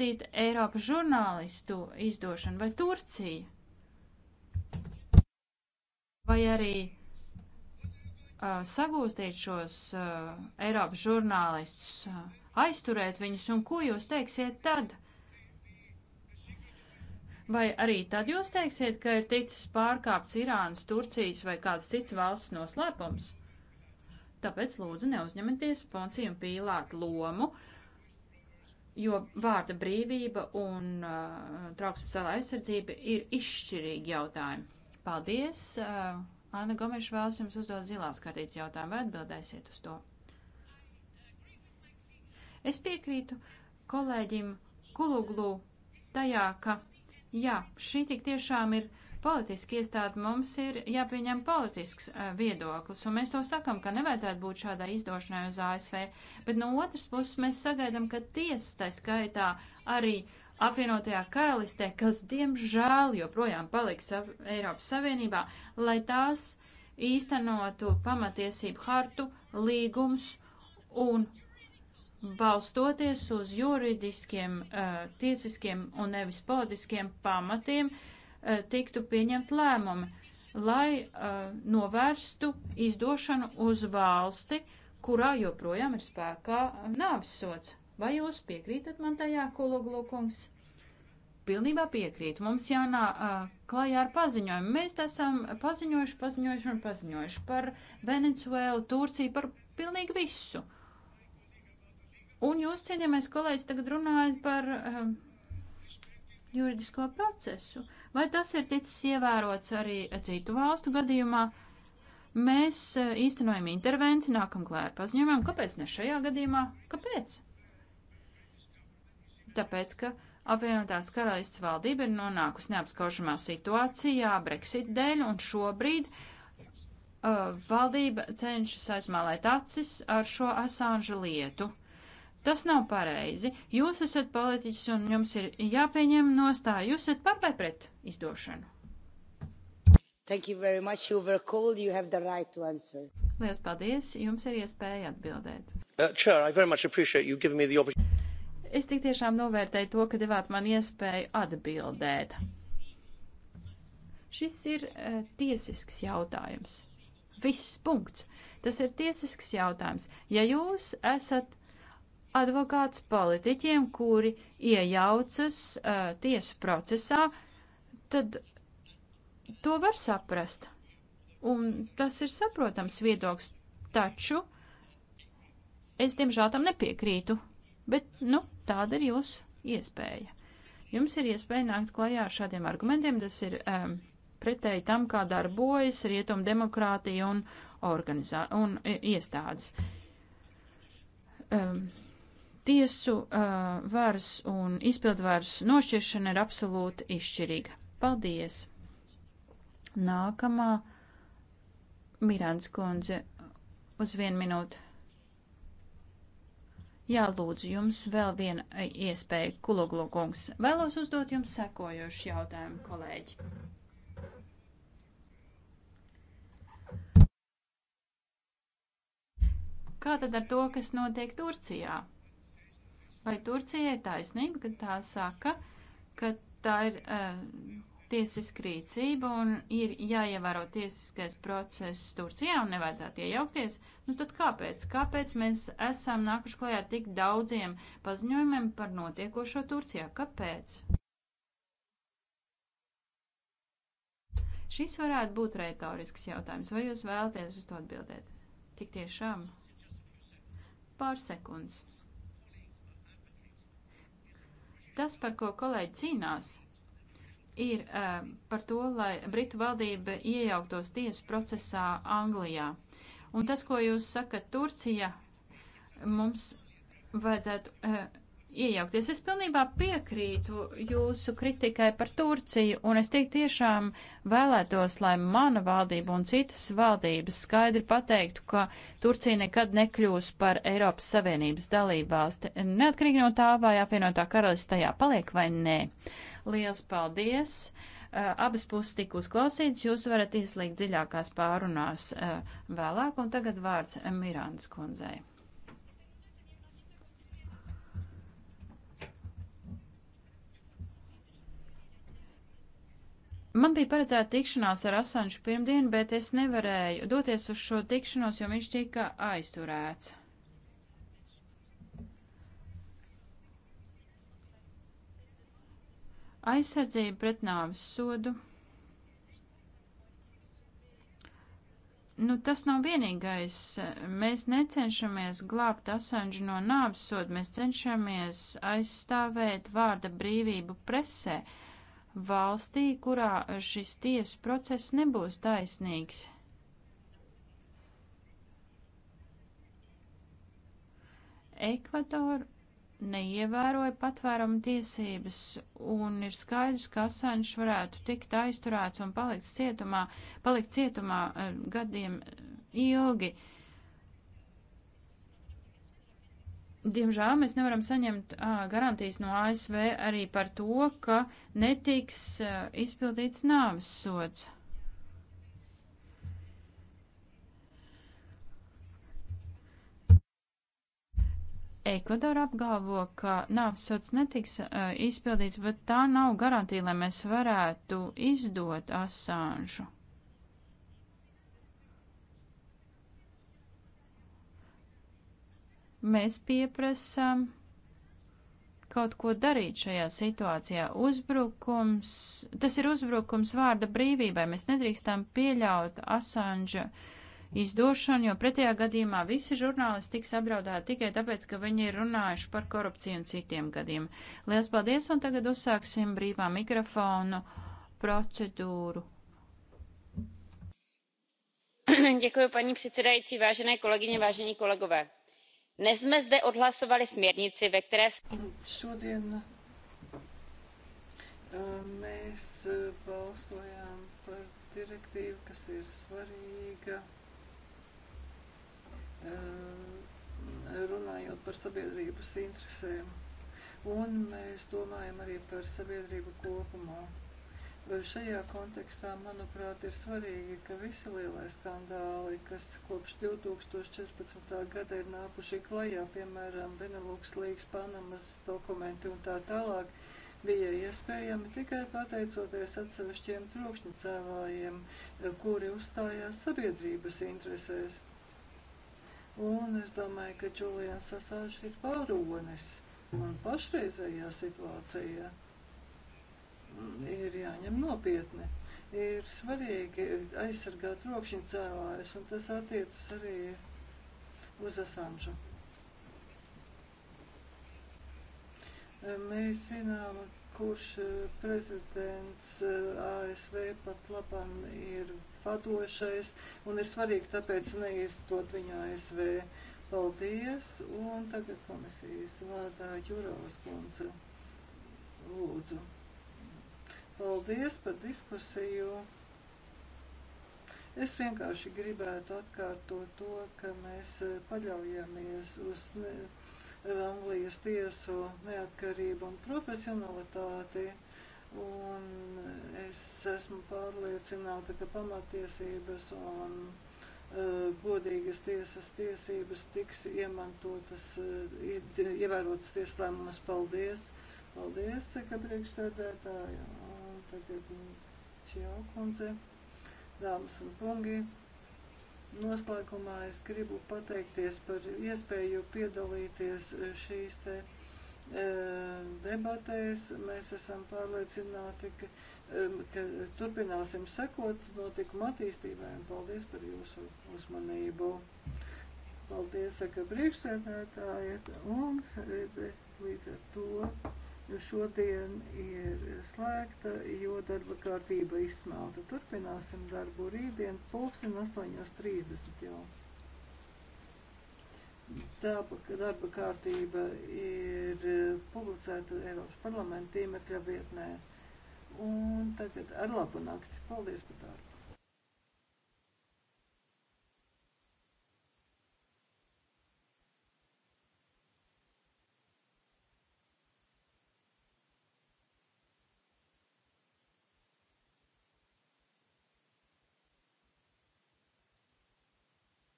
saistīt Eiropas žurnālistu izdošanu vai Turciju? Vai arī uh, sagūstīt šos uh, Eiropas žurnālistus, uh, aizturēt viņus un ko jūs teiksiet tad? Vai arī tad jūs teiksiet, ka ir ticis pārkāpts Irānas, Turcijas vai kāds cits valsts noslēpums? Tāpēc lūdzu neuzņemieties Ponciju un Pīlātu lomu, uh, jo vārda brīvība un uh, trauksmes cēlā aizsardzība ir izšķirīgi jautājumi. Paldies! Uh, Anna Gomeša vēlas jums uzdot zilās kartītes jautājumu, vai atbildēsiet uz to? Es piekrītu kolēģim Kuluglu tajā, ka jā, šī tik tiešām ir Politiski iestādi mums ir jāpieņem politisks uh, viedoklis, un mēs to sakam, ka nevajadzētu būt šādai izdošanai uz ASV, bet no otras puses mēs sagaidām, ka tiesas tā skaitā arī apvienotajā karalistē, kas diemžēl joprojām paliks Eiropas Savienībā, lai tās īstenotu pamatiesību hartu, līgums un balstoties uz juridiskiem, uh, tiesiskiem un nevis politiskiem pamatiem, uh, Eh, tiktu pieņemt lēmumi, lai eh, novērstu izdošanu uz valsti, kurā joprojām ir spēkā nāvisots. Vai jūs piekrītat man tajā, Kuluglukungs? Pilnībā piekrītu. Mums jānā uh, eh, klajā ar paziņojumu. Mēs esam paziņojuši, paziņojuši un paziņojuši par Venecuēlu, Turciju, par pilnīgi visu. Un jūs, cienījamais kolēģis, tagad runājat par um, juridisko procesu. Uh, Vai tas ir ticis ievērots arī citu valstu gadījumā? Mēs e, īstenojam intervenciju, nākam klāt ar paziņojumiem. Kāpēc ne šajā gadījumā? Kāpēc? Tāpēc, ka apvienotās karalists valdība ir nonākusi neapskaužamā situācijā Brexit dēļ, un šobrīd uh, valdība cenšas aizmālēt acis ar šo Assange lietu. Uh, Tas nav pareizi. Jūs esat politiķis un jums ir jāpieņem nostāja. Jūs esat par vai pret izdošanu? Thank you very much. You were called. You have the right to answer. Lielas paldies. Jums ir iespēja atbildēt. Uh, Chair, I very much appreciate you giving me the opportunity. Es tik tiešām novērtēju to, ka devāt man iespēju atbildēt. Šis ir uh, tiesisks jautājums. Viss punkts. Tas ir tiesisks jautājums. Ja jūs esat advokāts politiķiem, kuri iejaucas uh, tiesu procesā, tad to var saprast. Un tas ir saprotams viedoklis, taču es diemžēl tam nepiekrītu. Bet, nu, tāda ir jūsu iespēja. Jums ir iespēja nākt klajā ar šādiem argumentiem, tas ir um, pretēji tam, kā darbojas rietumu demokrātija un, un iestādes. Um, Tiesu uh, varas un izpildvaras nošķiršana ir absolūti izšķirīga. Paldies! Nākamā Mirāns kundze uz vienu minūti. Jā, lūdzu, jums vēl viena iespēja, Kuloglo kungs. Vēlos uzdot jums sekojošu jautājumu, kolēģi. Kā tad ar to, kas notiek Turcijā? Vai Turcijai taisnība, kad tā saka, ka tā ir uh, tiesiska rīcība un ir jāievēro tiesiskais process Turcijā un nevajadzētu iejaukties? Nu tad kāpēc? Kāpēc mēs esam nākuši klajā tik daudziem paziņojumiem par notiekošo Turcijā? Kāpēc? Šis varētu būt retorisks jautājums. Vai jūs vēlaties uz to atbildēt? Tik tiešām pāris sekundes. Tas, par ko kolēģi cīnās, ir uh, par to, lai Britu valdība iejauktos tiesu procesā Anglijā. Un tas, ko jūs sakat, Turcija, mums vajadzētu uh, iejaukties. Es pilnībā piekrītu jūsu kritikai par Turciju, un es tik tiešām vēlētos, lai mana valdība un citas valdības skaidri pateiktu, ka Turcija nekad nekļūs par Eiropas Savienības dalībvalsti, neatkarīgi no tā, vai apvienotā karalists tajā paliek vai nē. Liels paldies! Uh, abas puses tika uzklausītas, jūs varat ieslīgt dziļākās pārunās uh, vēlāk, un tagad vārds Mirāns kundzei. Man bija paredzēta tikšanās ar Asanšu pirmdien, bet es nevarēju doties uz šo tikšanos, jo viņš tika aizturēts. Aizsardzība pret nāvis sodu. Nu, tas nav vienīgais. Mēs necenšamies glābt Asanžu no nāvis sodu, mēs cenšamies aizstāvēt vārda brīvību presē. Uh, valstī, kurā šis tiesu process nebūs taisnīgs. Ekvadora neievēroja patvērumu tiesības un ir skaidrs, ka Asanš varētu tikt aizturēts un palikt cietumā, palikt cietumā eh, gadiem eh, ilgi. Uh, Diemžēl mēs nevaram saņemt ā, garantijas no ASV arī par to, ka netiks ā, izpildīts nāves sods. Ekvadora apgalvo, ka nāves sods netiks ā, izpildīts, bet tā nav garantija, lai mēs varētu izdot Asanžu. Mēs pieprasām kaut ko darīt šajā situācijā. Uzbrukums, tas ir uzbrukums vārda brīvībai. Mēs nedrīkstam pieļaut Asanža izdošanu, jo pretējā gadījumā visi žurnālisti tiks apdraudēti tikai tāpēc, ka viņi ir runājuši par korupciju un citiem gadiem. Lielas paldies, un tagad uzsāksim brīvā mikrofonu procedūru. Děkuji, paní předsedající, vážené kolegyně, vážení kolegové dnes jsme zde odhlasovali směrnici ve které. šodien mēs balsojām par direktīvu, kas ir svarīga e, runājot par sabiedrības interesēm. Un mēs domājam arī par sabiedrību kopumā. Šajā kontekstā, manuprāt, ir svarīgi, ka visi lielie skandāli, kas kopš 2014. gada ir nākuši klajā, piemēram, Benelux līgas, Panamas dokumenti un tā tālāk, bija iespējami tikai pateicoties atsevišķiem trokšņcēlājiem, kuri uzstājās sabiedrības interesēs. Un es domāju, ka Džulians Asāžs ir pāronis man pašreizējā situācijā ir jāņem nopietni. Ir svarīgi aizsargāt rokšņu cēlājus, un tas attiecas arī uz Asanžu. Mēs zinām, kurš eh, prezidents eh, ASV pat labam ir vadošais, un ir svarīgi tāpēc neizstot viņu ASV. Paldies, un tagad komisijas vārdā Jurovas kundze. Lūdzu. Paldies par diskusiju. Es vienkārši gribētu atkārtot to, ka mēs eh, paļaujamies uz Anglijas tiesu neatkarību un profesionalitāti. Un es esmu pārliecināta, ka pamatiesības un eh, godīgas tiesas tiesības tiks iemantotas, eh, ievērotas tieslēmumas. Paldies! Paldies, saka priekšsēdētāji! tagad Čio kundze, dāmas un kungi. Noslēgumā es gribu pateikties par iespēju piedalīties e, šīs te e, debatēs. Mēs esam pārliecināti, ka, e, ka turpināsim sekot notikuma attīstībai un paldies par jūsu uzmanību. Paldies, saka priekšsēdētāja, un līdz ar to šodien ir slēgta, jo darba kārtība izsmelta. Turpināsim darbu rītdien, pulksten 8.30 jau. Darba, darba kārtība ir e, publicēta Eiropas parlamenta tīmekļa vietnē. Un tagad ar labu nakti. Paldies par darbu!